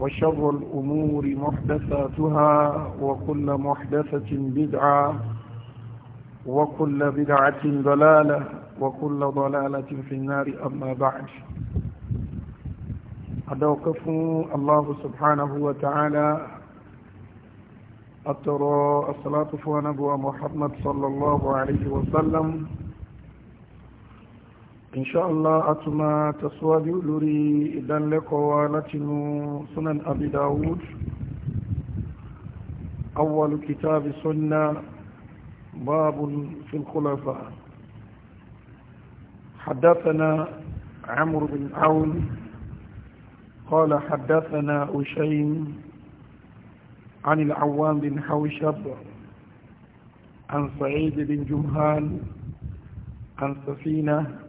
وشر الأمور محدثاتها وكل محدثة بدعة وكل بدعة ضلالة وكل ضلالة في النار أما بعد أدوقف الله سبحانه وتعالى أترى الصلاة فوى محمد صلى الله عليه وسلم إن شاء الله أتما تسوادي لوري إذن لكوا لتنو سنن أبي داود أول كتاب سنة باب في الخلفاء حدثنا عمرو بن عون قال حدثنا اشيم عن العوام بن حوشب عن سعيد بن جمهان عن سفينه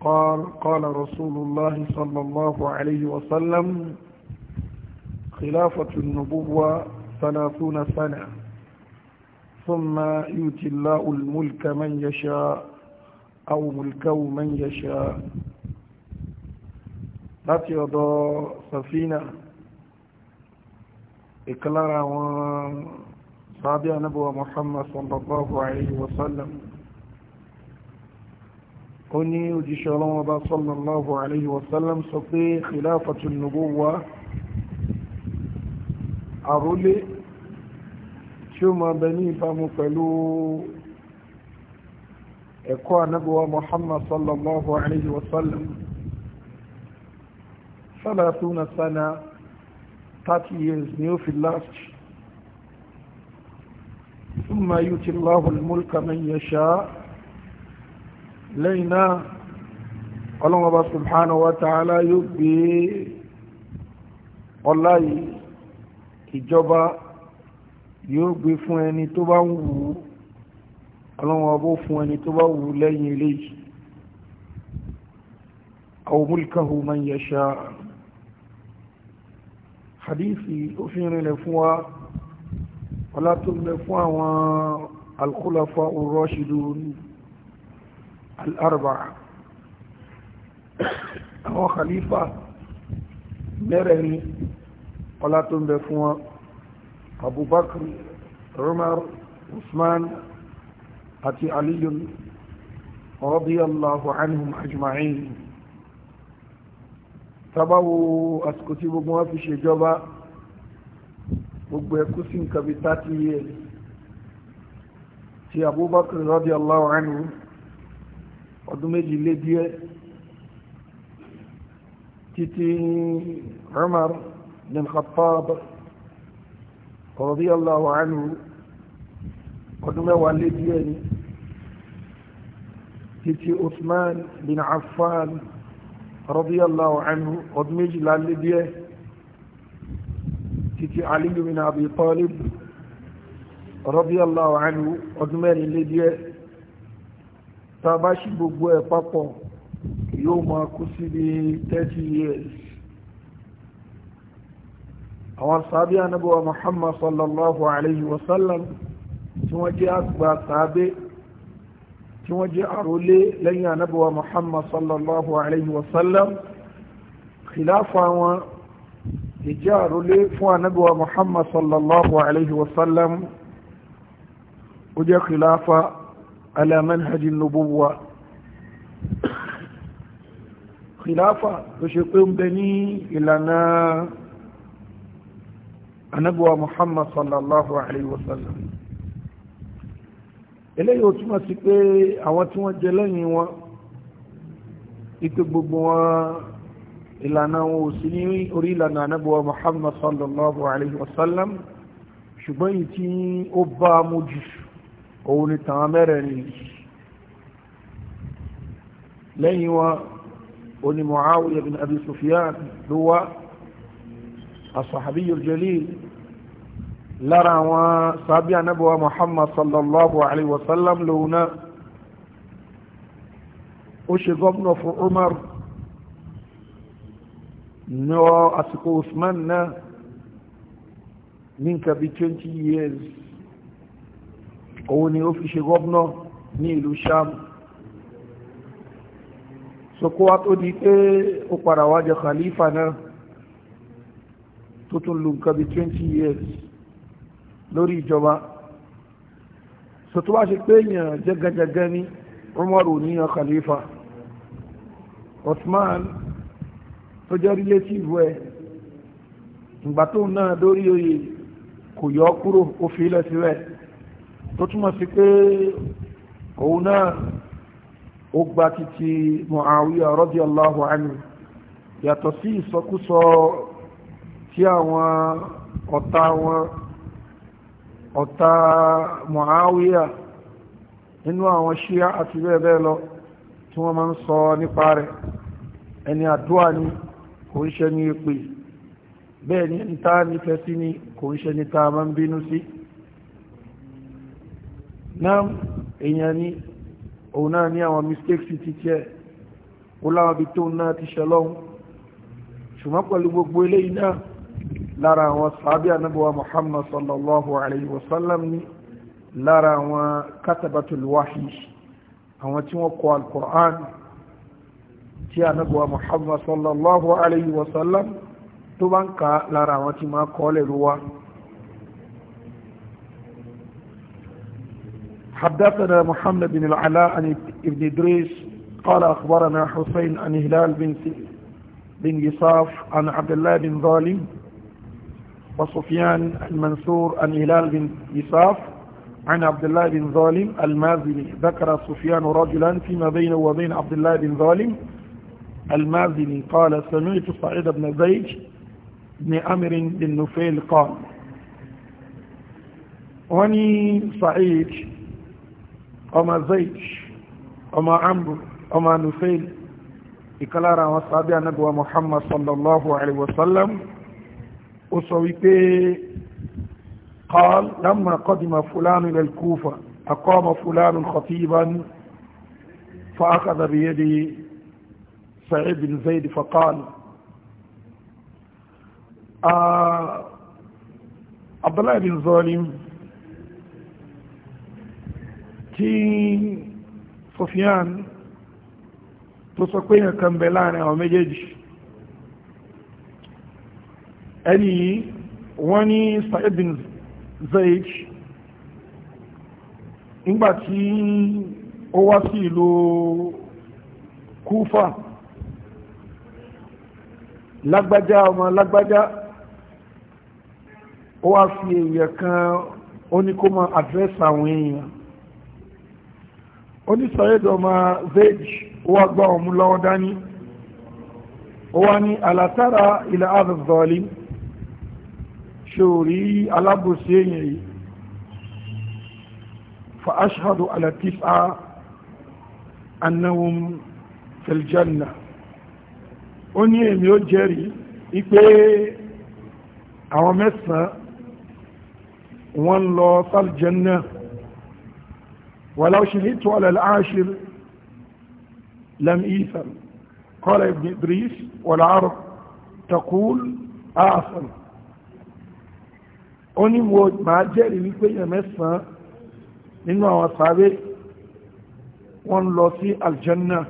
قال قال رسول الله صلى الله عليه وسلم خلافة النبوة ثلاثون سنة ثم يؤتي الله الملك من يشاء أو ملكه من يشاء láti ọ̀dọ̀ سفينة إكلارا وصابع نبوة محمد صلى الله عليه وسلم ó ní òjíṣẹ́ ọlọ́wọ́ bá sallallahu alayhi wa sallam sọ pé khilafatun nubuwa àrólé tí ó máa bẹ ní ìbámu pẹ̀lú ẹ̀kọ́ anábíwá Muhammad sallallahu alayhi wa sallam salatuna sana 30 years ni ó fi last ثم يؤتي الله الملك من يشاء lẹ́yìn náà ọlọ́run ọba subhanahu wa ta'ala yóò gbé ọlá yìí ìjọba yóò gbé fún ẹni tó bá ń wù ú ọlọ́run ọba fún ẹni tó bá wù ú lẹ́yìn eléyìí aw mulkahu man yasha hadithi ó fi rinlẹ̀ fún wa ọlá tó ń bẹ fún àwọn al-khulafa ar-rashidun al-arba'a خليفة، khalifa mẹ́rẹ̀ẹ̀rin ọlá أبو بكر، عمر، عثمان، wọn abubakar رضي الله عنهم aliyun radiyallahu anhum ajma'in tabawo àsìkò tí gbogbo wọn fi ṣèjọba gbogbo ẹkú sí nǹkan bí 30 years ti abubakar radiyallahu anhu ọdún méjì lé díẹ̀ títí Umar bin Khattab radiyallahu anhu ọdún mẹ́wàá lé díẹ̀ ni títí Uthman bin Affan radiyallahu anhu ọdún méjìlá lé díẹ̀ títí Ali bin Abi Talib radiyallahu anhu ọdún mẹ́rin lé díẹ̀ tàbá sí gbogbo ẹ̀ papọ̀ yóò máa kú sí bí 30 years àwọn sàábí anábọ̀wà Muhammad sallallahu alayhi wa sallam tí wọ́n jẹ́ àgbà sàábé tí wọ́n jẹ́ àrólé lẹ́yìn anábọ̀wà Muhammad sallallahu alayhi wa sallam kìláfà wọn ìjẹ́ àrólé fún anábọ̀wà Muhammad sallallahu alayhi wa ó jẹ́ kìláfà على منهج النبوة خلافة تشقيم بني إلنا أنبوى محمد صلى الله عليه وسلم eléyìí ó túmọ̀ sí pé àwọn tí wọ́n jẹ lẹ́yìn wọn ipé gbogbo wọn ìlànà wọn ò sí ní orí ìlànà anábọ̀wọ̀ Muhammad sallallahu alaihi wasallam ṣùgbọ́n yìí tí ó bá mú jù òun ni tàn mẹ́rẹ̀ ni lẹ́yìn wọn ó ní Muawiya bin Abi Sufyan ló wá as-sahabiyyul jalil lára àwọn sàbí anábọ̀wá Muhammad sallallahu alaihi wasallam lòun náà ó ṣe gọ́ọ̀nà fún Umar ní àsìkò Usman náà ní nǹkan bí 20 years òun ni ó fi ṣe gọ́vnà ní ìlú sham sokowa tó di pé ó padà wá jẹ khalifa náà tó tún lu nǹkan bí 20 years lórí ìjọba so tó bá ṣe pé èèyàn jẹ́gẹ́jẹ́gẹ́ ní umaru níyàn khalifa osman tó jẹ́ relative ẹ̀ ìgbà tó náà dórí oyè kò yọ kúrò ó fi lẹ́sílẹ̀ tó túmọ̀ sí pé òun náà ó gba títí Muawiya radiyallahu anhu yàtọ̀ sí ìsọkúsọ tí àwọn ọ̀tá wọn ọ̀tá Muawiya nínú àwọn ṣíyá àti bẹ́ẹ̀ bẹ́ẹ̀ lọ tí wọ́n máa ń sọ nípa rẹ̀ ẹni àdúrà ni kò ń ṣe ní èpè bẹ́ẹ̀ ni ẹni tá nífẹ̀ẹ́ sí ni kò ń ṣe ní tá máa ń bínú sí. Si náà èèyàn ní òun náà ní àwọn mistakes ti tiẹ̀ ó láwọn ibi tóun náà ti ṣe lọ́hùn ṣùgbọ́n pẹ̀lú gbogbo eléyìí náà lára àwọn sàábí anábọ̀wá Muhammad sallallahu alayhi wa sallam ní lára àwọn katabatul wahi àwọn tí wọ́n kọ al-Qur'an tí Muhammad sallallahu alayhi wa sallam tó bá ń ka lára àwọn حدثنا محمد بن العلاء عن ابن إدريس قال أخبرنا حسين عن هلال بن بن يصاف عن عبد الله بن ظالم وسفيان المنصور عن هلال بن يصاف عن عبد الله بن ظالم المازني ذكر سفيان رجلا فيما بينه وبين عبد الله بن ظالم المازني قال سمعت سعيد بن زيد بن أمر بن نفيل قال وني سعيد ọmọ zaid ọmọ amr ọmọ nufail ìkalára àwọn sábẹ́ anábíwá muhammad sallallahu alaihi wasallam ó sọ wípé قال لما قدم فلان إلى الكوفة أقام فلان خطيبا فأخذ بيدي سعيد بن زيد فقال آه عبد الله بن ظالم tí Sufyan tó sọ pé yàn kan bẹ láàrin àwọn méjèèjì ẹni yìí wọ́n ní Sa'id bin Zaid nígbàtí ó wá sí ìlú Kúfà lágbájá ọmọ lágbájá ó wá fi èèyàn kan ó ní kó mọ àdírẹ́sì àwọn èèyàn onísọ̀yẹ́dọ̀ ọmọ vej ó wá gbá ọmú lọ́wọ́ dání ó wá ní àlàtàrà ilẹ̀ àdùzọ́ọ̀lì ṣòrí alábòsí èyàn yìí fa ashhadu ala tis'a annahum fil janna ó ní èmi ó jẹ́rìí ipé àwọn mẹ́sàn-án wọ́n lọ sáljanna ولو شهدت على العاشر لم إيثم قال ابن إدريس والعرب تقول أعصم ó ní mo máa jẹ́rìí wípé èèyàn mẹ́sàn-án nínú àwọn sàábé wọ́n ń lọ sí aljanna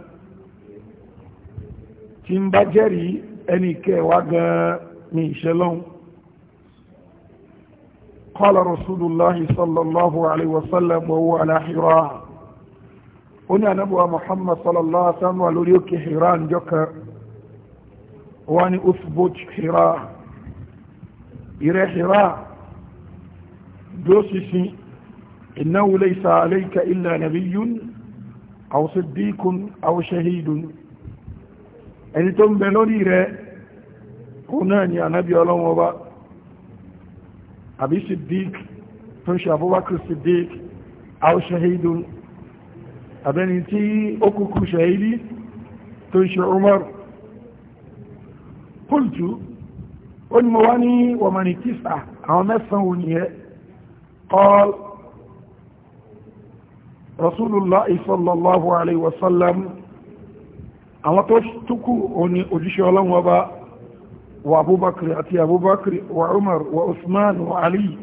tí ń bá jẹ́rìí ẹnì kẹwàá gan-an ní ìṣẹ́lọ́hun قال رسول الله صلى الله عليه وسلم وهو على حراء هنا نبوى محمد صلى الله عليه وسلم وليك حيران جك واني أثبت حراء إلى حراء دوسسي إنه ليس عليك إلا نبي أو صديق أو شهيد أنتم بلوري رأي هنا يا نبي الله وبركاته àbí siddiq tó ń ṣe abubakar siddiq aw shahidun àbẹ́ni tí ó kúkú shahidi tó ń ṣe umar qultu ó ní mo wá ní wọ̀mọ̀nì tísà àwọn mẹ́sàn-án òníyẹ qal rasulullah sallallahu àwọn tó túkù òní òjíṣẹ́ ọlọ́run ọba وابو بكر اتي ابو بكر وعمر وعثمان وعلي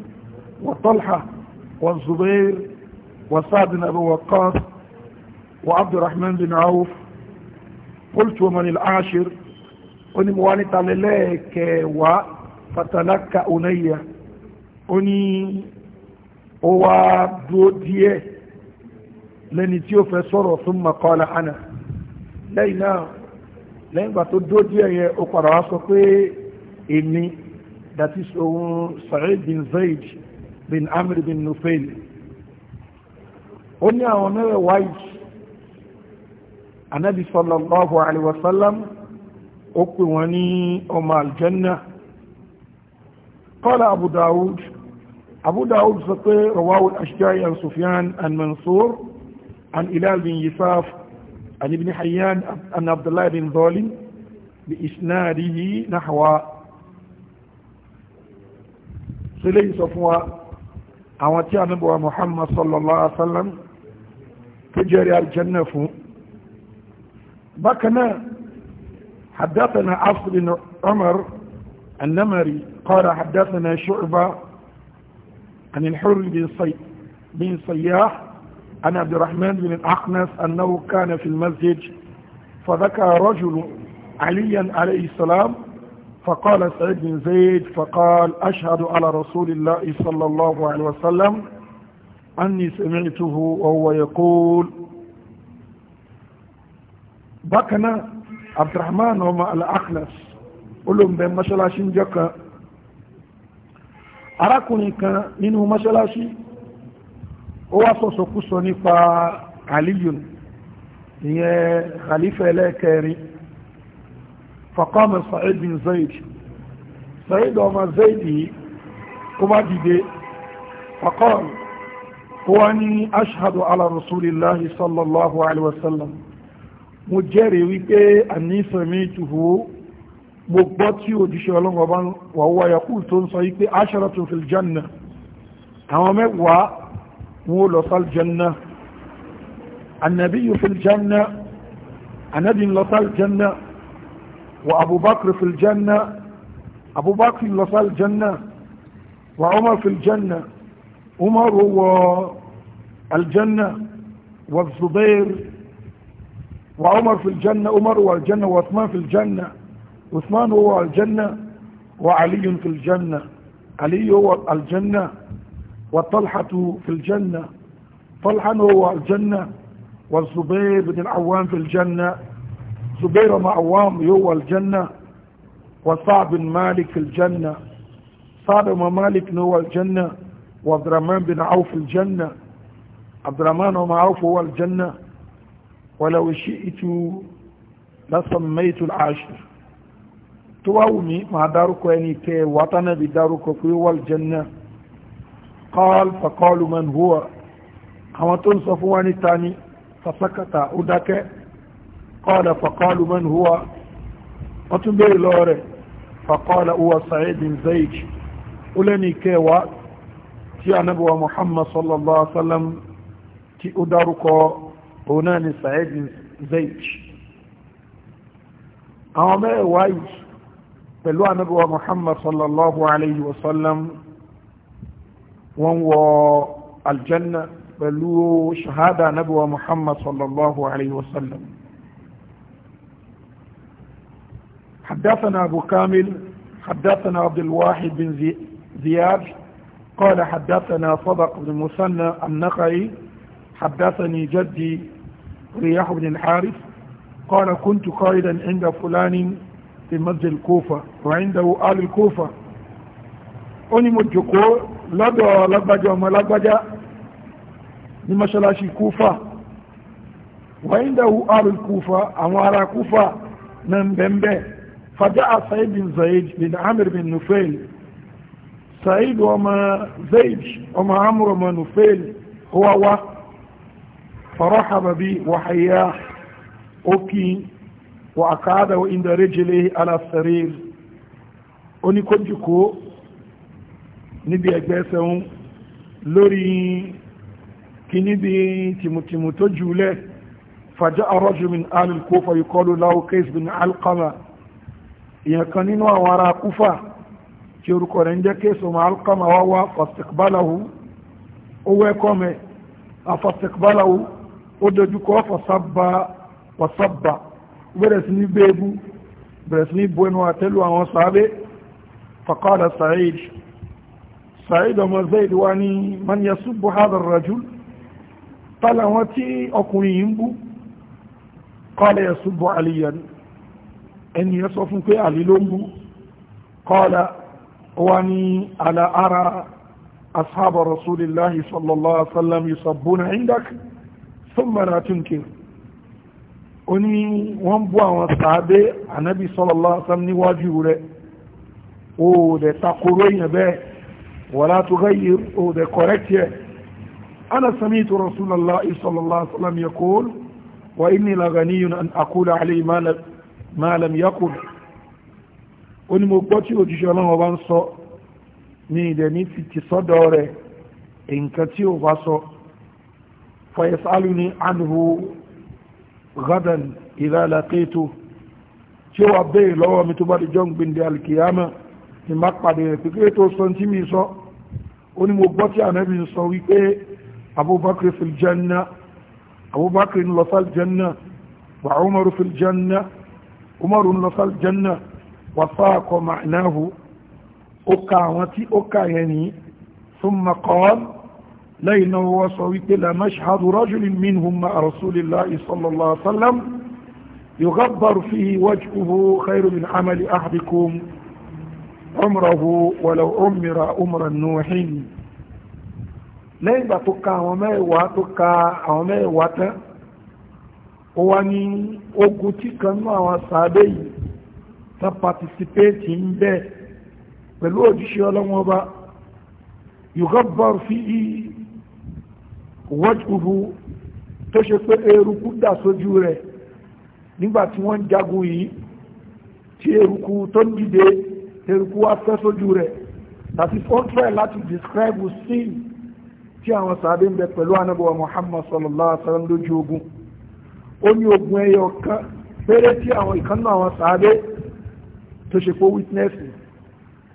وطلحة والزبير وسعد بن ابي وقاص وعبد الرحمن بن عوف قلت ومن العاشر oni mo wá وفتلك talẹ́lẹ́ẹ̀kẹwàá fatalaka onaya ó ní ó wá dúó díẹ̀ lẹ́ni lẹ́yìn ìgbà tó dó díẹ̀ yẹn ó padà wá sọ pé èmi that is òun Sa'id bin Zaid bin Amr bin Nufail ó ní àwọn mẹ́wẹ̀ẹ́wá yìí anábì sallallahu alaihi wasallam ó pè wọ́n ní ọmọ aljanna qala Abu Dawud أبو داود سطي رواه الأشجعي عن سفيان عن منصور عن إلال بن يساف عن ابن حيان أن عبد الله بن ظالم بإسناده نحو سليم صفوة أواتي أبو محمد صلى الله عليه وسلم تجري الجنة فو بكنا حدثنا عصر بن عمر النمري قال حدثنا شعبة عن الحر بن صياح عن عبد الرحمن بن الأقنس أنه كان في المسجد فذكر رجل عليا عليه السلام فقال سعيد بن زيد فقال أشهد على رسول الله صلى الله عليه وسلم أني سمعته وهو يقول بكنا عبد الرحمن وما قل قلهم بين مشلاشين جكا أراكني كان منه مشلاشين ó wá sọ̀sọ̀kúsọ nípa aliyun ìyẹn khalifa ẹlẹ́kẹrin faqama sa'id bin zaid sa'id ọmọ zaid yìí ó bá dìde faqala ó wá ní ashhadu ala rasulillahi sallallahu alaihi wasallam mo jẹ́rìí wípé àníṣẹ́mí tuhu mo gbọ́ tí òjíṣẹ́ ọlọ́run wà wáyà kú tó ń sọ wípé asharatu fil janna àwọn mẹ́wàá مولط ا جنة النبي في الجنة النبي لطى ا وأبو بكر في الجنة أبو بكر لطى ا وعمر في الجنة عمر هو الجنة والزبير وعمر في الجنة عمر هو الجنة وعثمان في الجنة عثمان هو الجنة وعلي في الجنة علي هو الجنة والطلحة في الجنة طلحة هو الجنة والزبير بن العوام في الجنة زبير بن العوام هو الجنة وصعب بن مالك في الجنة صعب بن مالك هو الجنة وعبد الرحمن بن عوف الجنة عبد الرحمن بن عوف هو الجنة ولو شئت لسميت العاشر تواومي مع دارك يعني كي وطن بدارك هو الجنة قال فقالوا من هو àwọn tó ń sọ fún wa níta ní fasakata ó dákẹ́ qala faqalu man huwa wọ́n tún bèèrè lọ rẹ̀ faqala huwa Sa'id bin Zayd ó lẹ́ni kẹwàá tí anábíwa Muhammad sallallahu alaihi wasallam tí ó dárúkọ òun náà ni Sa'id bin àwọn mẹ́rẹ̀wá yìí pẹ̀lú anábíwa Muhammad sallallahu alaihi wasallam wọ́n wọ aljanna pẹ̀lú shahada nabuwa muhammad sallallahu alayhi wa sallam حدثنا أبو كامل حدثنا عبد الواحد بن زياد قال حدثنا صدق بن مسنى النقعي حدثني جدي رياح بن الحارث قال كنت قائدا عند فلان في مسجد الكوفة وعنده آل الكوفة أني مجكو lọ́dọ̀ lágbájá ọmọ lágbájá ní mọ́ṣálásí kúfà wàíndàwó arùn kúfà àwọn ará kúfà na bẹ̀m̀bẹ̀ fàjá a sa'id bin zaid bin amir bin nufail sa'id ọmọ zaid ọmọ amur ọmọ nufail huwawa فرحب بي وحياه أوكي وأقعده عند رجله على السرير أني كنت كو níbi ẹgbẹ́ sẹ́hún lórí kíní bí tìmùtìmù tó jùlẹ̀ فجاء رجل من آل الكوفة يقال له قيس بن علقمة يكن نوا ورا كوفة يركو رنجا قيس بن علقمة وهو فاستقبله هو كما فاستقبله ودجوكو فصب وصب برسني بيبو برسني بوين واتلو عن صحابه فقال سعيد Sa'id ọmọ Zaid wa ni man yasubbu hadha ar-rajul tala wọn tí ọkùnrin yìí ń bú qala yasubbu aliyan ẹni yẹ sọ fún pé àlì ló ń bú qala wa ni ala ara ashaba rasulillahi sallallahu alaihi wasallam yusabbuna indak thumma la tunkir ó ní bú àwọn sàábé ànábì sallallahu alaihi wasallam níwájú rẹ̀ ó dẹ̀ takoró èèyàn bẹ́ẹ̀ ولا تغير او ده كوريكت انا سميت رسول الله صلى الله عليه وسلم يقول واني لغني ان اقول عليه ما ما لم يقل ان مبطي وجشان الله ني ده في تصدره ان كتي وباصى فيسالني عنه غدا اذا لقيته شو ابي لو متبر جون بن دي القيامه ní bá pàdé rẹ̀ pípé tó sọ tí mi sọ ó ní mo gbọ́ tí ànábì sọ wípé abubakar fil janna abubakar ń lọ sal janna wa umaru fil janna umaru ń lọ sal janna wa saako ma'nahu ó ka àwọn tí ó ka yẹn ní thumma qala lẹ́yìn náà wọ́n sọ wípé la mashhadu rajulin minhum ma rasulillahi sallallahu alaihi wasallam yughbaru fihi wajhuhu khairu min amali ahadikum عمره ولو أمر أمر النوح لين بطكا وما واتكا وما واتا واني اوغوتي كانوا وصابي تا participate in be pẹ̀lú òjíṣẹ́ Ọlọ́hun Ọba yugabbar fihi wajhuhu tó ṣe pé eruku dà sójú rẹ̀ nígbà tí wọ́n jagun yìí tí eruku tó dìde eruku wá fẹ́ sójú rẹ̀ that is all try láti describe sin tí àwọn sàbẹ̀ ń bẹ pẹ̀lú anábọ̀wá Muhammad sallallahu alaihi wasallam sallam lójú ogun ó ní ogun ẹyọ kan péré tí àwọn ìkànnà àwọn sàbẹ̀ tó ṣe pé witness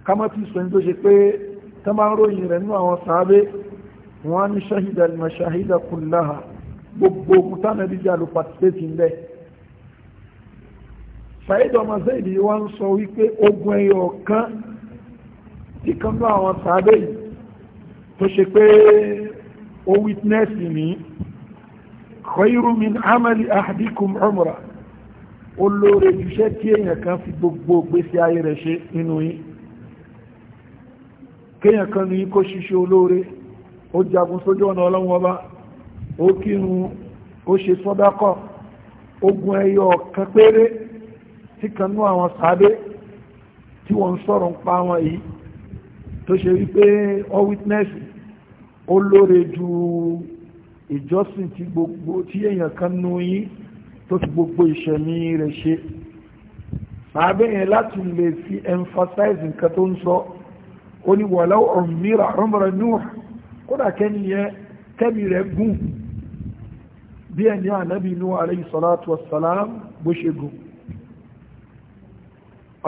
kámọ́tì sọ ní tó ṣe pé tó máa ń ròyìn rẹ̀ nínú àwọn sàbẹ̀ wọn ní ṣahida al-mashahida kullaha gbogbo ogun tánàbíjà ló participate in bẹ́ẹ̀ Sa'id ọmọ Zaid wá ń sọ wípé ogun ẹyọ kan tí kan lọ àwọn sàábẹ̀ yìí tó ṣe pé ó witness ní khayru min amali ahadikum umra ó lóore jùṣẹ́ tí èèyàn kan fi gbogbo gbèsè ayé rẹ̀ ṣe nínú yìí kéèyàn kan ní kó ṣiṣẹ́ olóore ó jagun sójú ọ̀nà ọlọ́run ọba ó kírun ó ṣe sọ́dákọ̀ ogun ẹyọ kan péré tí kan nú àwọn sàábé tí wọ́n ń sọ̀rọ̀ ń pa wọn yìí tó ṣe wípé all witness ó lóore ju ìjọsìn tí gbogbo tí èèyàn kan nú yín tó fi gbogbo ìṣẹ̀mí rẹ̀ ṣe sàábé yẹn láti lè fi emphasize nǹkan tó ń sọ ó ní wọ̀lọ́ ọ̀mìnira ọ̀mọ̀rọ̀ níwà kódà kẹ́ni yẹn kẹ́mi rẹ̀ gùn bí ẹni ànábì inú alayhi salatu wassalam bó ṣe gùn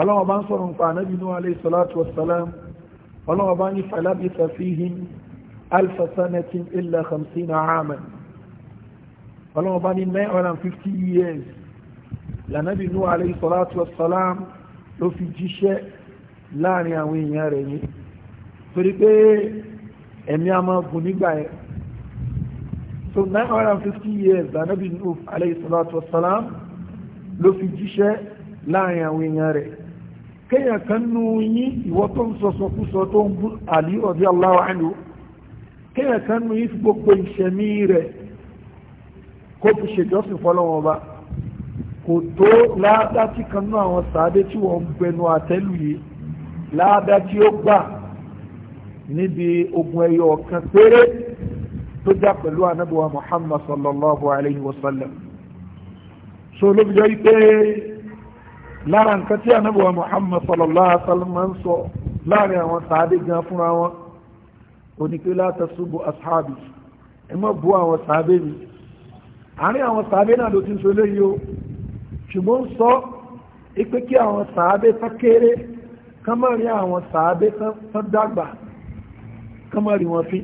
ọlọ́wọ́ bá ń sọ̀rọ̀ nípa ànábì Nuh alayhi salatu wassalam ọlọ́wọ́ bá ní falabitha fihim alfa sanatin illa khamsina aman ọlọ́wọ́ bá ní 950 years lànàbì Nuh alayhi salatu wassalam ló fi jíṣẹ́ láàrin àwọn èèyàn rẹ̀ ní torí pé ẹ̀mí a máa gùn nígbà ẹ̀ so 950 years lànàbì Nuh alayhi ló fi jíṣẹ́ láàrin àwọn èèyàn rẹ̀ kéèyàn kan nú yín ìwọ tó ń sọsọ kú sọ tó ń bú àlí ọ̀dí aláwọ̀ àánú kéèyàn kan nú yín fi gbogbo ìṣẹ̀mí rẹ̀ kó fi ṣèjọ́sìn fọlọ́wọ́n ọba kò tó láàdá tí kan nú àwọn sàádé tí wọ́n ń gbẹnu àtẹ́lù yìí láàdá tí ó gbà níbi ogun ẹyọ ọ̀kan péré tó já pẹ̀lú anábùwà Muhammad sallallahu alayhi wa sallam so ló fi jẹ́ pé lára nǹkan tí anábọ̀wà Muhammad sallallahu alaihi wasallam ń sọ láàrin àwọn sàádé gan fúnra wọn ó ní pé la tasubbu ashabi ẹ má bú àwọn sàádé mi àárín àwọn sàádé náà ló ti ń sọ eléyìí o ṣùgbọ́n ń sọ ipé kí àwọn sàádé tán kéré kán àwọn sàádé tán dàgbà kán wọn fi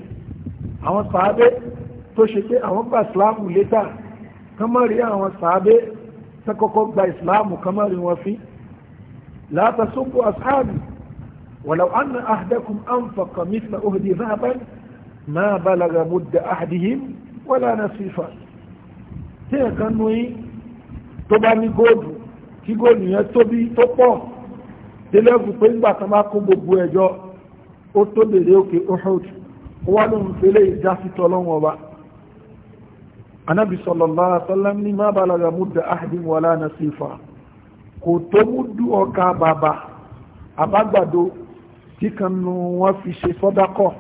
àwọn sàádé tó ṣe pé àwọn gbà sílámù létà kán àwọn sàádé tán kọ́kọ́ gba ìsìláàmù kan má rí wọn fín la tasubbu ashabi walau anna ahadakum anfaqa mithla uhdi dhahaban ma balaga mudda ahadihim wala nasifa tí ẹ̀kan nu yín tó bá ní góòdù kí góòdù yẹn tóbi tó pọ̀ délẹ́gùn pé ńgbà kan bá kó gbogbo ẹ̀jọ́ ó tó lèrè òkè Uhud ó wá lóhun fẹ́lẹ́ ìdásítọ́ anábì sallallahu alaihi wasallam ní má balaga mudda ahadin wala nasifa kò tó múdú ọkà bàbà àbágbàdo tí kan nu wọ́n fi ṣe sọ́dákọ̀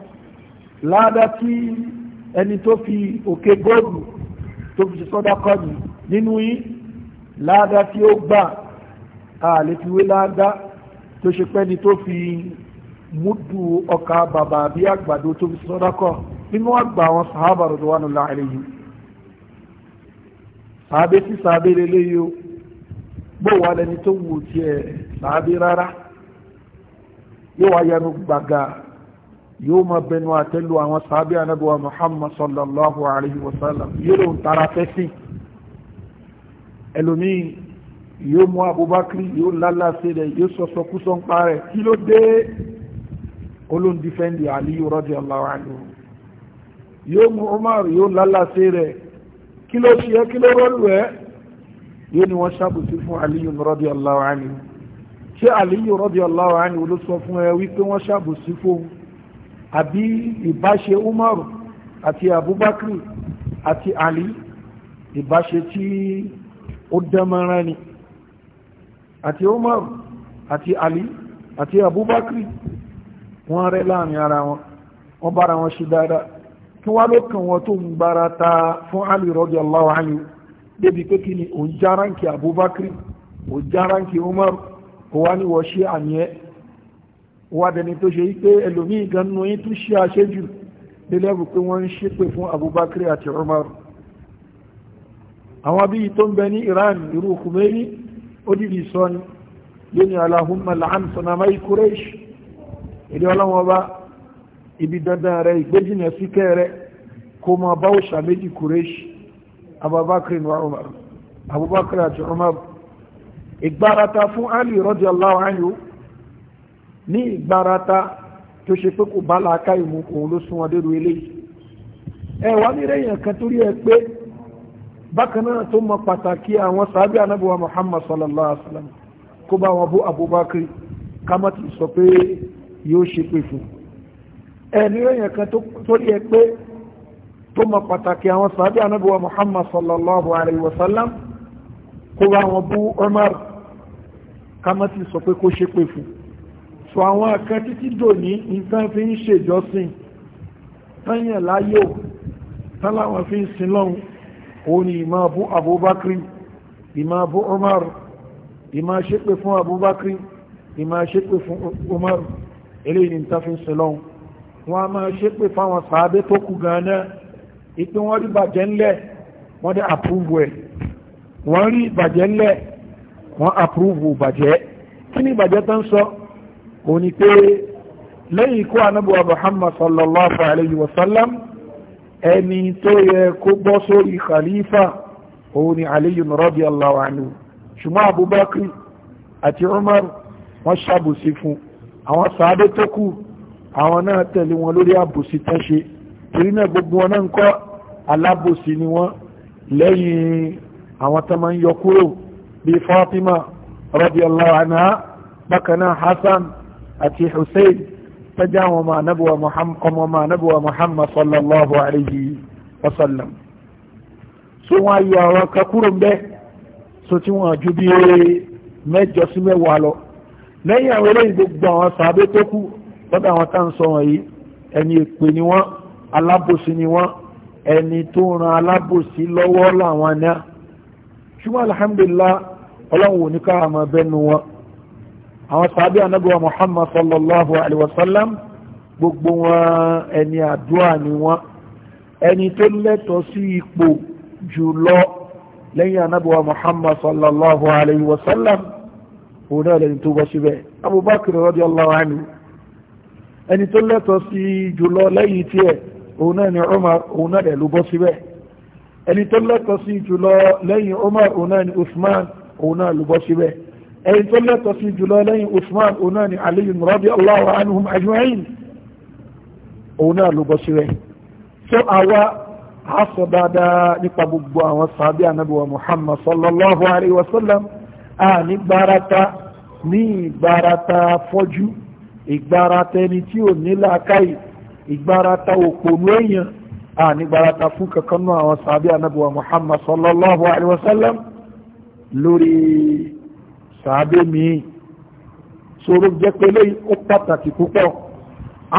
láàdá tí ẹni tó fi òkè góòlù tó fi ṣe sọ́dákọ̀ ní nínú yín láàdá tí ó gbà àlefiwé láàdá tó ṣe pẹ́ni tó fi múdù ọkà bàbà àbí àgbàdo tó fi ṣe sọ́dákọ̀ nínú àgbà àwọn sàhábà radwanullahi alayhim sàábé tí sàábé lélẹ́ yìí ó bó wà lẹni tó wù tí ẹ sàábé rárá yóò wá yanu gbàgà yóò máa bẹnu àtẹ́lu àwọn sàábé anábíwá Muhammad sallallahu alayhi wa sallam yóò lòun tara fẹ́sìn ẹlòmíì yóò mú Abubakar yóò lálàsẹ rẹ yóò sọsọ kúsọ ń parẹ kí ló dé olóńdífẹ́ndì Aliyu radiyallahu anhu yóò mú Umar yóò lálàsẹ rẹ kí ló ṣe ẹ́ kí ló rọ́lù ẹ́ yóò ní wọ́n ṣàbùsí fún aliyu radiyallahu anhu ṣé aliyu radiyallahu anhu ló sọ fún ẹ wípé wọ́n ṣàbùsí fún àbí ìbáṣe umaru àti abubakar àti ali ìbáṣe tí ó dánmọ́rán ni àti umaru àti ali àti abubakar wọ́n rẹ́ láàrin ara wọn wọ́n bára wọn ṣe dáadáa kí wọ́n ló kàn wọ́n tó ń gbára ta fún Ali radiyallahu anhu débi pé kí ni ò ń já ránkì Abubakar ò ń já ránkì Umar kò wá ní wọ́n ṣe àmì ẹ̀ wá dẹni tó ṣe pé ẹlòmíì gan nù tún ṣe àṣejù délẹ́bù pé wọ́n ń ṣépè fún Abubakar àti Umar àwọn bí tó ń bẹ ní Iran irú Khomeini ó dìdì sọ ni yóò ní Allahumma la'an sanamai Quraysh èdè ọlọ́wọ́n bá ibi dandan rẹ ìgbéjìnà síkẹ́ rẹ kó máa bá òṣà méjì kúrẹ́ṣì abubakar wa umar abubakar àti umar ìgbárata fún ali radiyallahu anhu ní ìgbárata tó ṣe pé kò bá làákà ìmú òun ló sún wọn eléyìí ẹ ní rẹ̀yìn kan torí ẹ pé bákan náà tó mọ pàtàkì àwọn muhammad sallallahu alaihi wasallam kó bá wọn bú abubakar ká sọ pé yóò ẹni èèyàn kan torí ẹ pé tó mọ pàtàkì àwọn sàbí anábíwá muhammad sallallahu alayhi wa sallam kó bá wọn bú Umar kámátì sọ pé kó ṣépè fún so àwọn akẹ́ títí dòní nǹkan fi ń ṣèjọsìn tẹ́yìn láyò tẹ́láwọn fi ń sin lọ́hùn òun ni ìmá bú abubakar ìmá bú Umar ìmá ṣépè fún abubakar ìmá ṣépè fún Umar eléyìí ni nǹkan ń sin lọ́hùn wọn a máa ṣépè fáwọn sàábé tó kù gan náà ìpín wọn rí bàjẹ́ ńlẹ̀ wọ́n dé àpúrúvù ẹ̀ wọ́n rí ìbàjẹ́ ńlẹ̀ wọ́n àpúrúvù ìbàjẹ́ kí ni ìbàjẹ́ tó ń sọ kò ní pé lẹ́yìn ikú anábùwà Muhammad sallallahu alayhi wa sallam ẹni tó yẹ àwọn náà tẹ̀lé wọn lórí àbòsí tán ṣe torí náà gbogbo wọn náà ń kọ́ alábòsí ni wọ́n lẹ́yìn àwọn tó máa ń yọ kúrò bí Fatima radiyallahu anha bákan náà Hassan àti Hussein tẹ́jà àwọn ọmọ anábùwà Muhammad, sallallahu alayhi wa sallam so wọ́n ayọ àwọn kan kúrò so tí wọ́n ju bí mẹ́jọ sí mẹ́wàá lọ lẹ́yìn àwọn eléyìí gbogbo àwọn sàbẹ́ tó kù lọ́dọ̀ àwọn tá ń sọ wọ̀nyí ẹni èpè ni wọ́n alábòsí ni wọ́n ẹni tó ran alábòsí lọ́wọ́ làwọn náà ṣùgbọ́n alhamdulillah ọlọ́run ò ní ká àmọ́ bẹ́nu wọn àwọn sàábí anábíwa muhammad sallallahu alaihi wasallam gbogbo wọn ẹni àdúrà ni wọn ẹni tó lẹ́tọ̀ọ́ sí ipò jùlọ lẹ́yìn anábíwa muhammad sallallahu alaihi wasallam òun náà lẹ́ni tó gbọ́ síbẹ̀ abubakar radiyallahu anhu ẹni tó lẹ́tọ̀ọ́ sí jùlọ lẹ́yìn tí ẹ̀ òun náà ni Umar òun náà lẹ́lú bọ́ síbẹ̀ ẹni tó lẹ́tọ̀ọ́ sí jùlọ lẹ́yìn Umar òun náà ni Usman òun náà lù bọ́ síbẹ̀ ẹni tó lẹ́tọ̀ọ́ sí jùlọ lẹ́yìn Usman òun náà ni Ali radiyallahu anhum ajma'in òun náà lù bọ́ síbẹ̀ tó àwa a sọ dáadáa nípa gbogbo àwọn sàbí ànábì wa Muhammad sallallahu alayhi wa sallam a ní gbárata ní ìgbárata fọ́jú ìgbára tẹni tí ò ní làákàyè ìgbára ta òpònú èèyàn a nígbára ta fún kankan náà àwọn sàbí anábùwà muhammad sallallahu alayhi wa sallam lórí sàbí mi sọ̀rọ̀ jẹ́ pé lẹ́yìn ó pàtàkì púpọ̀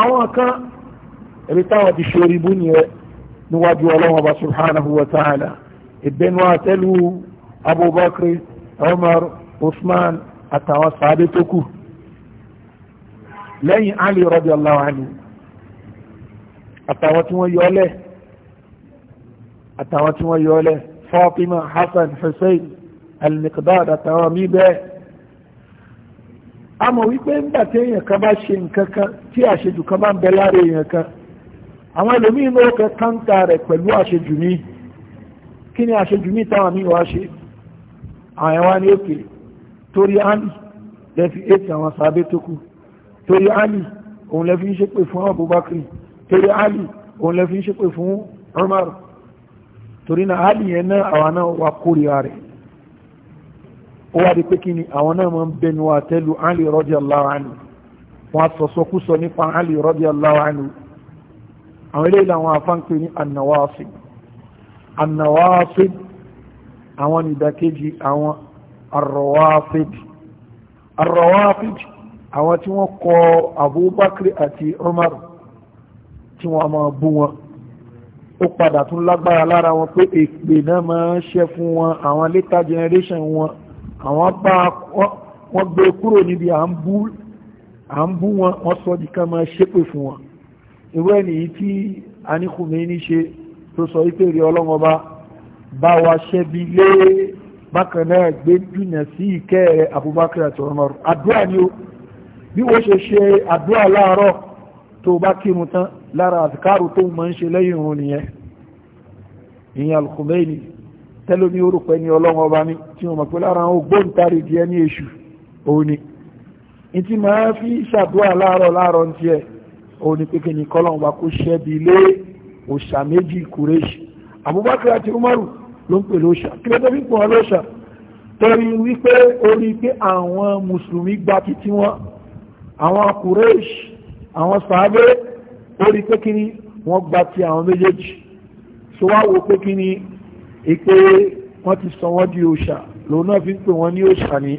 àwọn kan ẹ̀rí táwọn ti ṣe oríbú nìyẹn níwájú ọlọ́wọ́n bá subhanahu wa ta'ala ìbẹnu àtẹ́lu abubakar umar usman àtàwọn sàbí tó kù lẹ́yìn Ali radiyallahu anhu àtàwọn tí wọ́n yọlẹ̀ àtàwọn tí wọ́n yọlẹ̀ Fatima Hassan Hussein Al-Miqdad àtàwọn mí bẹ́ẹ̀ a mọ̀ wípé nígbà tí èèyàn kan bá ṣe nǹkan kan tí àṣejù kan bá ń bẹ lára èèyàn kan àwọn ẹlòmíín ló kẹ káńtà rẹ̀ pẹ̀lú àṣejù mi kí ni àṣejù mi táwọn míì wá ṣe àwọn ẹ̀wá ní òkè torí Ali lẹ́fi ètò àwọn sàbẹ̀ tó kù torí ali òun lẹ́fi ń ṣépè fún abubakar torí ali òun lẹ́fi ń ṣépè fún umar torí náà ali yẹn náà àwọn náà wà kórìíra rẹ̀ ó wá di pé kí ni àwọn náà máa ń bẹnu àtẹ́lu ali radiyallahu anhu wọn àtọ̀sọ́kúsọ nípa ali radiyallahu anhu àwọn ilé ìlànà àfáǹpé ní annawasib annawasib àwọn ìdàkejì àwọn arrawafid arrawafid àwọn tí wọ́n kọ abubakar àti umar tí wọ́n máa bú wọn ó padà tún lágbára lára wọn pé èpè náà máa ń ṣẹ́ fún wọn àwọn later generation wọn àwọn bá wọn gbé kúrò níbi à ń bú à wọn sọ di kan máa ṣépè fún wọn irú ẹni yìí tí Al-Khumeyni ṣe tó sọ wípé rí ọlọ́wọ́n bá bá wa ṣẹ́bi lé bákan náà gbé jùnà sí ìkẹ́ rẹ̀ Abubakar àti Umar àdúrà ni ó bí wọ́n ṣe ṣe àdúrà láàárọ̀ tó bá kírun tán lára àtikáàrù tó mọ̀ ń ṣe lẹ́yìn irun nìyẹn ìyẹn alkhumeini tẹ́lómi orúkọ ẹni ọlọ́run ọba ní tí wọ́n mọ̀ pé àwọn ògbóǹtarì di ẹni èṣù òun ni ìtì máa fi ṣàdúrà láàárọ̀ láàárọ̀ ní tiẹ̀ òun ni pé kí ni kọ́lọ́run bá kó ṣẹ́bi ilé òṣà méjì kúrẹ́ṣì Abubakar àti Umaru ló ń pè lóṣà kí lọ́dọ̀ fi pọ̀ lóṣà torí wípé orí pé àwọn mùsùlùmí gba àwọn kùrẹ́ṣ àwọn sàábé orí pé kí ni wọ́n gba ti àwọn méjèèjì tó wá wo pé kí ni ìpè wọ́n ti sọ wọ́n di òòṣà lòun náà fi ń pè wọ́n ní òòṣà ni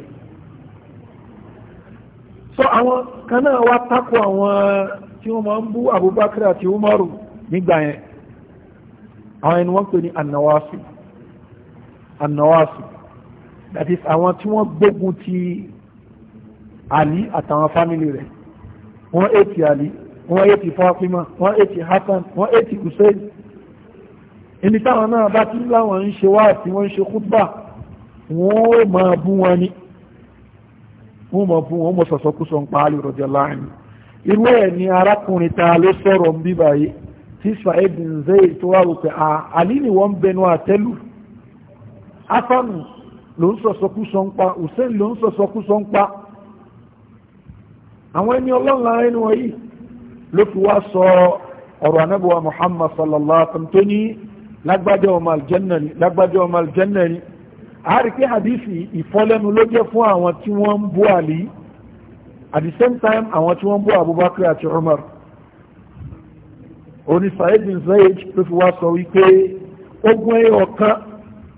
so àwọn kan náà wá tako àwọn tí wọ́n máa ń bú Abubakar àti Umaru nígbà yẹn àwọn ẹni wọ́n pè ní anawasi anawasi that is àwọn tí wọ́n gbógun ti Ali àtàwọn fámìlì rẹ̀ wọ́n ètì àlí wọ́n ètì fáfímà wọ́n ètì hasan wọ́n ètì hussein ibi táwọn náà bá ti láwọn ń ṣe wá àti wọ́n ń ṣe kútbà wọ́n ó máa bú wọn ni wọ́n mọ̀ bú wọn mọ̀ sọ̀sọ́kúsọ ń pa á lè láàrin irú ẹ̀ ni arákùnrin ta ló sọ̀rọ̀ ń bí báyìí tí Sa'id bin Zayd tó wá rò pé àlí ni wọ́n ń bẹnu àtẹ́lù hasanu ló ń sọ̀sọ́kúsọ ń pa hussein ló ń sọ̀sọ́kúsọ ń pa àwọn ẹni ọlọ́la ẹni wọ̀nyí ló fi wá sọ ọ̀rọ̀ anábọ̀wá muhammad sallallahu alaihi wasallam tó ní lágbájá ọmọ aljanna ni lágbájá ọmọ aljanna ni àárípé ìfọ́lẹ́nu ló jẹ́ fún àwọn tí wọ́n ń bú àlì at the same time àwọn tí wọ́n ń bú abubakar àti umar oní saheed bin zayed ló fi wá sọ wípé ogun ẹyọ kan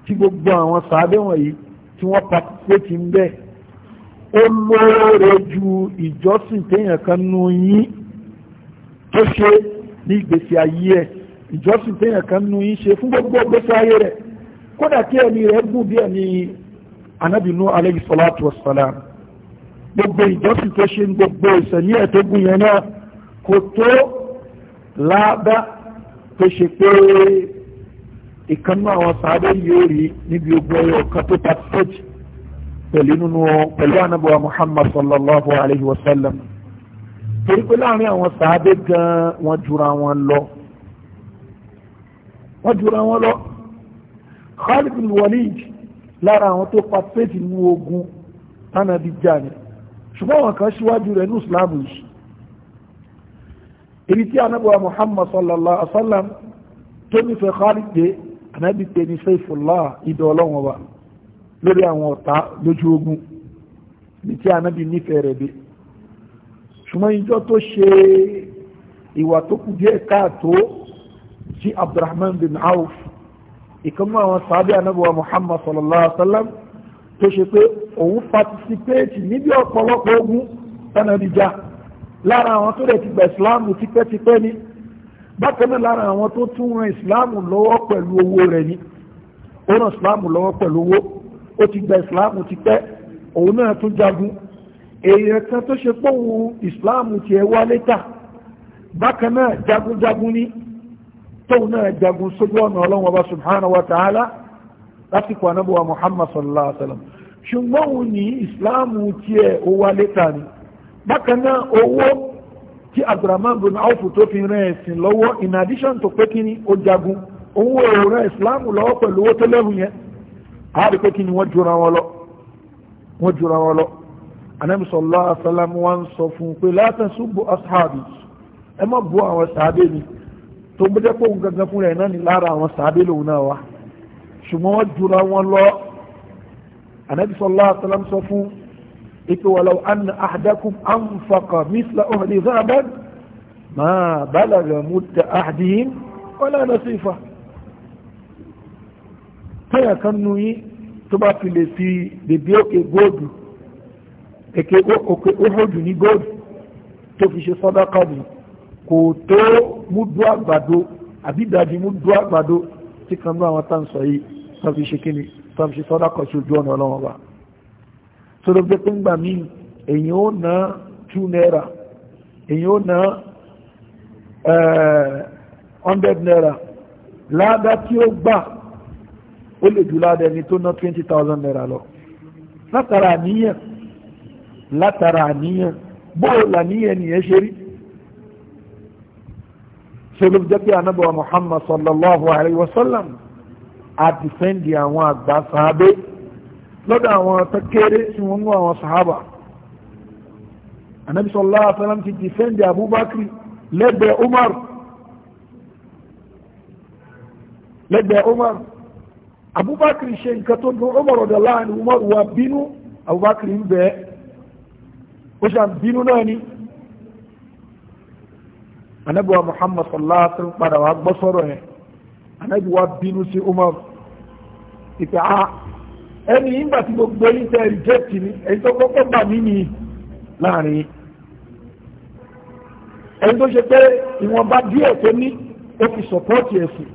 tí gbogbo àwọn sàábẹ́ tí wọ́n participate ń bẹ́ẹ̀ ó lóore ju ìjọsìn téèyàn kan nú yín tó ṣe ní ìgbésí ayé ẹ̀ ìjọsìn téèyàn kan nú yín ṣe fún gbogbo ìgbésí ayé rẹ̀ kódà kí ẹni rẹ̀ gùn bí ẹni anábìnú alayhi salatu wassalam gbogbo ìjọsìn tó ṣe gbogbo ìsẹ̀ní ẹ̀ tó gùn yẹn náà kò tó lábá tó ṣe pé ìkànnú àwọn sáré yóò rí níbi ogun ẹyọ kan tó participate pẹ̀lú nínú pẹ̀lú anábọ̀wá muhammad sallallahu alayhi wa sallam torí pé láàrin àwọn sàábé gan wọ́n jura wọn lọ wọ́n jura wọn lọ khalid bin walid lára àwọn tó pàṣẹ́tì nínú ogun tánàbí jáde ṣùgbọ́n àwọn kan ṣíwájú rẹ̀ ní islam yìí ibi tí anábọ̀wá muhammad sallallahu alayhi wa sallam tó nífẹ̀ẹ́ khalid dé anábì pé ní sayfullah idọ̀ ọlọ́wọ́n wa lórí àwọn ọ̀tá lójú ogun ní tí anábì nífẹ̀ẹ́ rẹ̀ dé ṣùgbọ́n ìjọ tó ṣe ìwà tó kù díẹ̀ káàtó sí abdulrahman bin auf ìkànnú àwọn sàábì anábìwa muhammad sallallahu alaihi wasallam, sallam tó ṣe pé òun patisipéètì níbi ọ̀pọ̀lọpọ̀ ogun tánàbí já lára àwọn tó rẹ̀ ti gba ìsìláàmù tipẹ́tipẹ́ ni bákan náà lára àwọn tó tún ran ìsìláàmù lọ́wọ́ pẹ̀lú owó rẹ̀ ni ó ran ìsìláàmù lọ́wọ́ pẹ̀lú owó ó ti gba ìsìláàmù ti pẹ́ òun náà tún jagun èèyàn kan tó ṣe pọ́wọ́ ìsìláàmù tiẹ̀ wá létà bákan náà jagunjagun ní tóun náà jagun sójú ọ̀nà ọlọ́run ọba subhanahu wa ta'ala lásìkò anábọ̀wá muhammad sallallahu alaihi wa sallam ṣùgbọ́n òun ní ìsìláàmù tiẹ̀ ó wá létà ni bákan náà owó tí abdulrahman bin auf tó fi rán ẹ̀sìn lọ́wọ́ in addition tó pé kíní ó jagun òun ò rán ìsìláàmù lọ́wọ́ pẹ̀lú owó tó lẹ́hùn yẹn àárí pé kí ni wọ́n jura wọn lọ wọ́n jura wọn lọ anabi sallallahu alaihi wasallam wọ́n sọ fún un pé la tasubbu ashabi ẹ má bu àwọn sàábé mi tó ń bọ́jẹ́ pé òun gangan fúnra ẹ̀ náà ni lára àwọn sàábé lòun náà wá ṣùgbọ́n wọ́n jura wọn lọ anabi sallallahu sọ fún ipe walau anna ahadakum anfaqa mithla uhdi zahaban ma balagha mudda ahdihim wala nasifa bẹ́yàn kan nu yín tó bá fi lè fi bèbí òkè góòdù èké òkè òhòdù ní góòdù tó fi ṣe sàdákà ni kò tó múdú àgbàdo àbí ìdajì múdú àgbàdo tí kan náà àwọn táǹsọ̀ yìí tó fi ṣe kíni tó fi ṣe sàdákà sí ojú ọ̀nà ọlọ́wọ́n wa tó ló gbé pé ń gbà míì èyàn ó ná 2 naira èyàn ó ná 100 eh, naira láàdá tí ó gbà ó lè jù ládẹ ẹni tó ná twenty thousand naira lọ látara àníyàn látara àníyàn bóò làníyàn nìyẹn ṣe rí ṣèlú jẹ́ pé anábọ̀ Muhammad sallallahu alayhi wa sallam àdìfẹ́ǹdì àwọn àgbà sàábé lọ́dọ̀ àwọn tó kéré sí wọn nú àwọn sàábà anábì sallallahu alayhi wa sallam ti dìfẹ́ǹdì Abubakar lẹ́gbẹ̀ẹ́ Umar lẹ́gbẹ̀ẹ́ Umar abubakar ṣe nǹkan tó dùn Umar radiyallahu anhu Umar wa bínú abubakar ń bẹ ó ṣàn bínú náà ni anabi muhammad sallallahu alaihi wa sallam padà wà gbọ́ sọ̀rọ̀ yẹn anabi bínú sí Umar ìpè a ah, ẹni ìgbà tí gbogbo yìí tẹ rìjẹ́tì ni èyí tó kọ́kọ́ bà mí ni láàrin ẹni tó ṣe pé ìwọ̀nba díẹ̀ tó ní ó fi sọ̀pọ́ọ̀tì ẹ̀sìn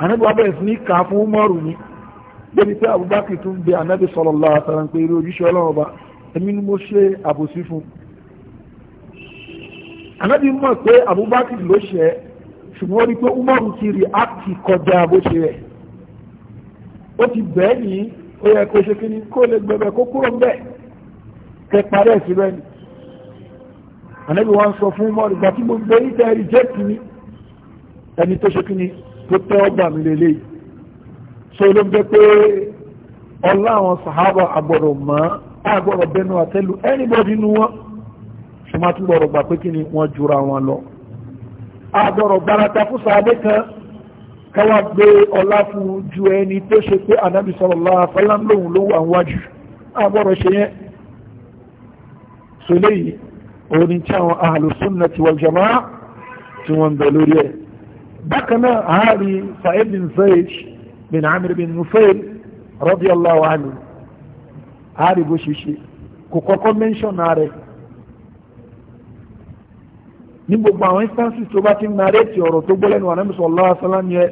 ànábì wa bẹ̀rẹ̀ sí ní kà fún Umaru ni débi pé Abubakar tún bẹ ànábì sallallahu alaihi wasallam pé eré ojúṣe ọlọ́run ọba èmi ni mo ṣe àbòsí fún ànábì mọ̀ pé Abubakar ló ṣe ṣùgbọ́n rí pé Umaru ti rí áàkì kọjá bó ṣe rẹ̀ ó ti bẹ́ẹ̀ ní ó yẹ kó ṣe kíni kó lè gbẹ̀bẹ̀ kó kúrò ń bẹ̀ kẹ parẹ́ síbẹ̀ ni ànábì wa ń sọ fún Umaru gbà tí mo gbé ìtẹ́ rìjẹ́tì ni ẹni tó ṣe kíni tó tẹ́ ọgbà mi lélẹ̀ so ló jẹ́ pé ọlá àwọn sàhábà àgbọ̀dọ̀ mọ́ àgbọ̀dọ̀ bẹnu àtẹ́lu anybody nu wọn ṣùgbọ́n àti gbọ́dọ̀ gbà pé kí ni wọ́n jura wọn lọ àgbọ̀dọ̀ gbarata fún sàábé kan káwà gbé ọlá fún ju ẹni tó ṣe pé ànábì sallallahu alaihi wasallam lòun ló wà wájú àgbọ̀dọ̀ ṣe yẹn so léyìí orin tí àwọn ahlus sunnati wal jamaa tí wọ́n ń bẹ lórí ẹ̀ بكنا هاري سعيد بن زيد بن عمرو بن نفيل رضي الله عنه هاري بوشيشي كوكوكو منشن هاري ní gbogbo àwọn instances tó bá ti ń narẹ́tì ọ̀rọ̀ tó gbọ́lẹ́nu Ànábì sallallahu alaihi wasallam yẹ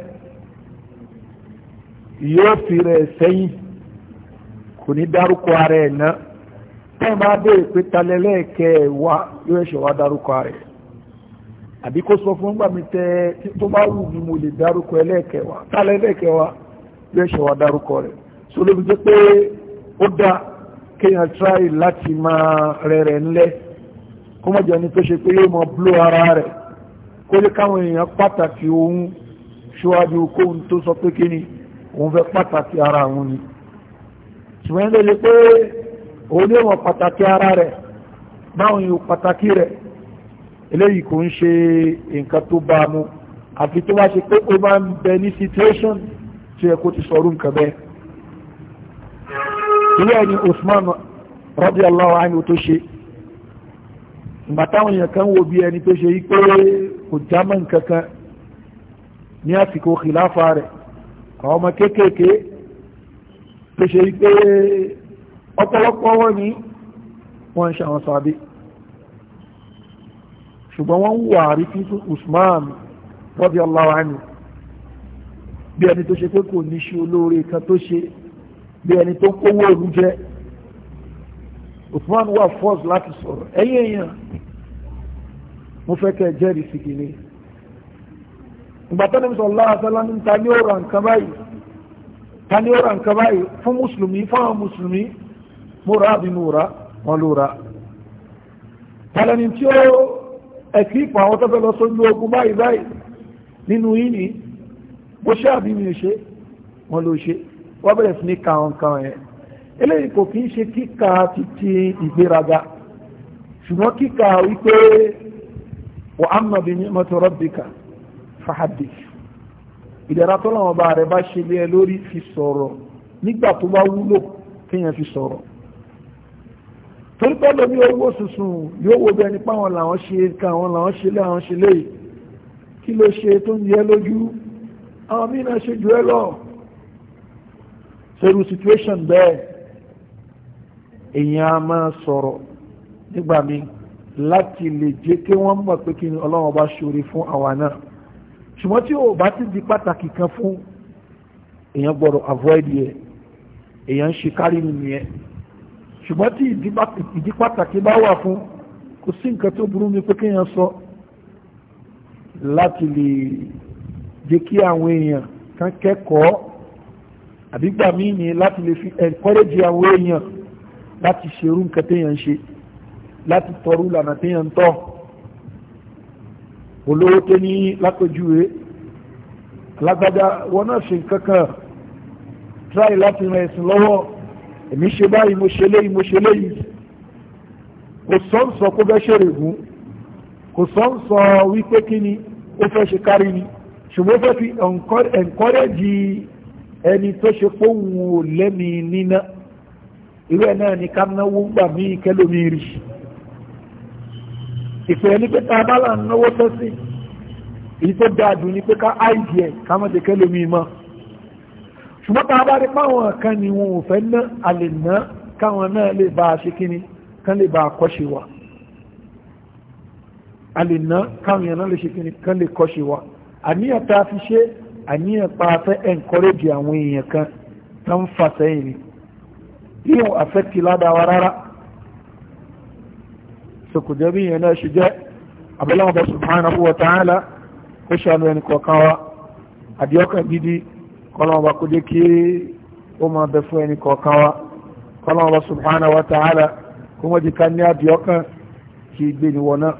yóò fi rẹ̀ sẹ́yìn kò ní dárúkọ ara ẹ̀ tẹ́ bá ẹ̀ wá yóò ṣe wá dárúkọ ara ẹ̀ àbí kó sọ fún gbàmí tẹ tó bá wù ní mo lè dárúkọ ẹlẹ́ẹ̀kẹwà tálẹ̀ ẹlẹ́ẹ̀kẹwà bí ẹ̀ṣẹ̀ wa dárúkọ rẹ̀ so ló fi jẹ́ pé ó dá kéèyàn tráì láti máa rẹ̀rẹ̀ ńlẹ́ kó mọ̀jọ ni tó ṣe pé yóò mọ bló ara rẹ̀ kó lè káwọn èèyàn pàtàkì òun ṣíwájú kóhun tó sọ pé kíni òun fẹ́ pàtàkì ara òun ni ṣùgbọ́n lè lè pé òun yóò mọ pàtàkì ara rẹ̀ báwọn yóò pàtàkì rẹ̀ eléyìí kò ń ṣe nǹkan tó bá mu àfi tó bá ṣe pé ó máa ń bẹ ní situation tí ẹ kó ti sọrú nǹkan bẹ́ẹ̀ ilé ẹni Usman radiyallahu anhu tó ṣe ìgbà táwọn èèyàn kan wo bí ẹni tó ṣe pé kò já mọ́ nǹkan kan ní àsìkò kìláfà rẹ̀ àwọn ọmọ kéékèèké tó ṣe pé ọ̀pọ̀lọpọ̀ wọn ni wọ́n ń ṣe àwọn sàbí ṣùgbọ́n wọ́n ń wà rí fi Usman radiyallahu anhu bí ẹni tó ṣe pé kò ní ṣe olóore kan tó ṣe bí ẹni tó kówó òru jẹ Usman wà fọ́s láti sọ̀rọ̀ ẹ̀yìn èèyàn mo fẹ́ kẹ́ jẹ́rìí sí kìíní ìgbà tó ní sọ̀rọ̀ láàtọ́lá ní ta ní ó ra nǹkan báyìí ta ní ó ra nǹkan báyìí fún mùsùlùmí fáwọn mùsùlùmí mo ra àbí mo ra wọn ló ra tàlẹ́ni tí ó ẹ̀kíìpù àwọn tọ́fẹ́ lọ sójú ogun báyìí báyìí nínú yìí ni bó ṣe àbí mi ṣe wọ́n ló ṣe wọ́n bẹ̀rẹ̀ sí ní kàwọn kàwọn yẹn eléyìí kò kí ń ṣe kíkà títí ìgbéraga ṣùgbọ́n kíkà wípé wa amma bi ni'mati rabbika fahaddith ìdẹ̀ra tọ́lọ́wọ́n bá rẹ̀ bá ṣe lé ẹ lórí fi sọ̀rọ̀ nígbà tó bá wúlò kéèyàn fi sọ̀rọ̀ torí pẹ́lú ní owó sùsùn yóò wo bí ẹni páwọn làwọn ṣe nǹkan àwọn làwọn ṣe lé àwọn ṣe lé kí ló ṣe tó ń yẹ lójú àwọn míì náà ṣe jù ẹ lọ ṣerú situation bẹ́ẹ̀ èèyàn a máa sọ̀rọ̀ nígbà míì láti lè jẹ́ kí wọ́n mọ̀ pé kí ni ọlọ́run bá ṣòro fún àwa náà ṣùgbọ́n tí ò bá ti di pàtàkì kan fún èèyàn gbọ́dọ̀ avoid yẹ èèyàn ń ṣe kárí nìyẹn ṣùgbọ́n tí ìdí pàtàkì bá wà fún kò sí nǹkan tó burú mi pé kéèyàn sọ láti lè jẹ́ kí àwọn èèyàn kan kẹ́kọ̀ọ́ àbígbà míì ni láti lè fi encourage àwọn èèyàn láti ṣerú nǹkan téèyàn ń ṣe láti tọrú lànà téèyàn ń tọ̀ olówó tó ní lápèjúwe alágbádá wọn náà ṣe nǹkan kan try láti ran ẹ̀sìn lọ́wọ́ èmi ṣe báyìí mo ṣe léyìí mo ṣe léyìí kò sọ ń sọ kó fẹ́ ṣe rè gún kò sọ ń sọ wípé kí ni ó fẹ́ ṣe kárí ni ṣùgbọ́n ó fẹ́ fi ẹ̀ǹkọ́rẹ́jì ẹni tó ṣe póhùn ò lẹ́mi níná irú ẹ̀ náà ni ká náwó ń gbà mí kẹ́lómi rí ìpè ẹni pé tá a bá là ń èyí tó dáa jù ni pé ká áìdì ẹ̀ ká má jẹ́ kẹ́lómi mọ́ ṣùgbọ́n tá a bá rí páwọn kan ni wọn ò fẹ́ ná àlè ná káwọn náà lè bá a ṣe kíni kan lè bá a kọ́ṣe wa àlè ná káwọn yẹn náà lè ṣe kíni kan lè kọ́ṣe wa àníyàn tá fi ṣe àníyàn pa afẹ́ ẹ̀ńkọ́rẹ́jì àwọn èèyàn kan tó ń fà sẹ́yìn ni yíyan afẹ́ ti ládàá wa rárá sọkùnjẹ́ bí yẹn náà ṣe jẹ́ abẹ́lẹ́wọ̀n bá subhanahu wa ta'ala ó ṣàánú ẹnì kọ̀ọ̀kan wa àdìọ́kàn gidi kọ́lọ́wọ́n bá kó jẹ́ kí ó máa bẹ fún ẹni kọ̀ọ̀kan wa kọ́lọ́wọ́n bá subhanahu wa ta'ala kó wọ́n di ká ní àdìọ́kàn kí gbé ni wọ́n náà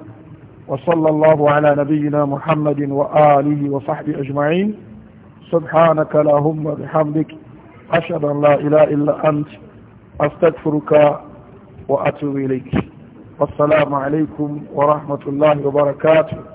وصلى الله على نبينا محمد وآله وصحبه أجمعين سبحانك اللهم بحمدك أشهد أن لا إله إلا أنت أستغفرك وأتوب إليك والسلام عليكم ورحمة الله وبركاته